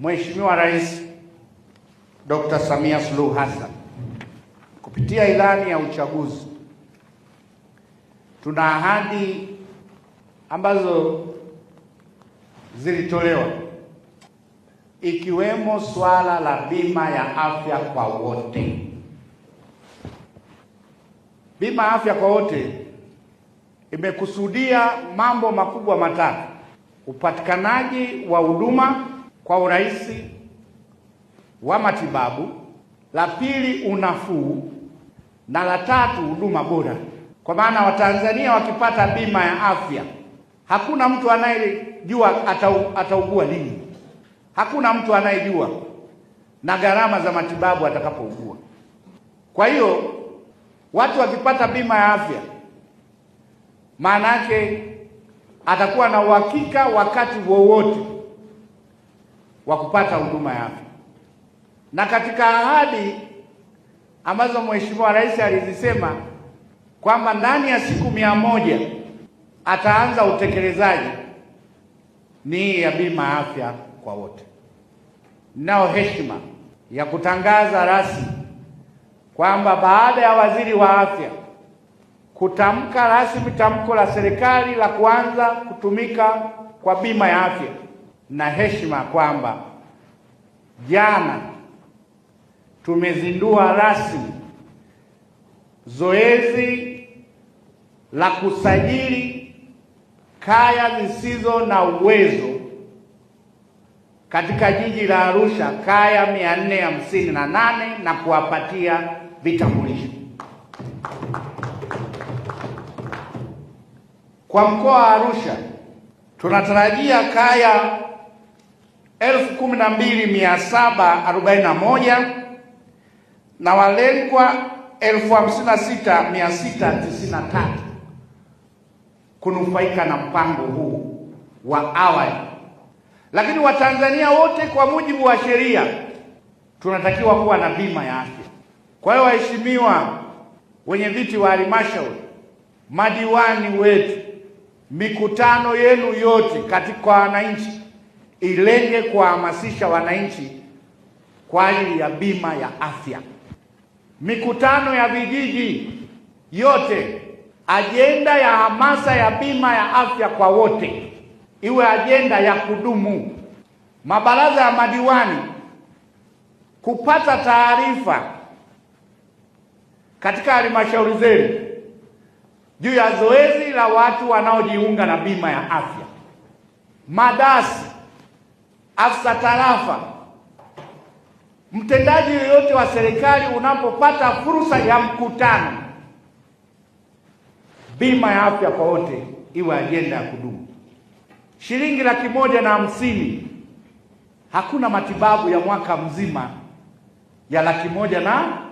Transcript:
Mheshimiwa Rais Dr. Samia Suluhu Hassan kupitia ilani ya uchaguzi, tuna ahadi ambazo zilitolewa ikiwemo swala la bima ya afya kwa wote. Bima ya afya kwa wote imekusudia mambo makubwa matatu: upatikanaji wa huduma kwa urahisi wa matibabu, la pili unafuu, na la tatu huduma bora, kwa maana Watanzania wakipata bima ya afya hakuna mtu anayejua ataugua lini, hakuna mtu anayejua na gharama za matibabu atakapougua. Kwa hiyo watu wakipata bima ya afya, maana yake atakuwa na uhakika wakati wowote wa kupata huduma ya afya. Na katika ahadi ambazo Mheshimiwa Rais alizisema kwamba ndani ya siku mia moja ataanza utekelezaji ni ya bima ya afya kwa wote. Nao heshima ya kutangaza rasmi kwamba baada ya waziri wa afya kutamka rasmi tamko la serikali la kuanza kutumika kwa bima ya afya na heshima kwamba jana tumezindua rasmi zoezi la kusajili kaya zisizo na uwezo katika jiji la Arusha, kaya 458 na kuwapatia vitambulisho. Kwa mkoa wa Arusha tunatarajia kaya elfu kumi na mbili mia saba arobaini na moja na walengwa elfu hamsini na sita mia sita tisini na tatu kunufaika na mpango huu wa awali, lakini Watanzania wote kwa mujibu wa sheria tunatakiwa kuwa na bima ya afya. Kwa hiyo, waheshimiwa wenye viti wa halmashauri, madiwani wetu, mikutano yenu yote katika wananchi ilenge kuwahamasisha wananchi kwa ajili ya bima ya afya. Mikutano ya vijiji yote, ajenda ya hamasa ya bima ya afya kwa wote iwe ajenda ya kudumu. Mabaraza ya madiwani kupata taarifa katika halmashauri zenu juu ya zoezi la watu wanaojiunga na bima ya afya. Madasi afisa tarafa, mtendaji yoyote wa serikali, unapopata fursa ya mkutano, bima ya afya kwa wote iwe ajenda ya kudumu. Shilingi laki moja na hamsini, hakuna matibabu ya mwaka mzima ya laki moja na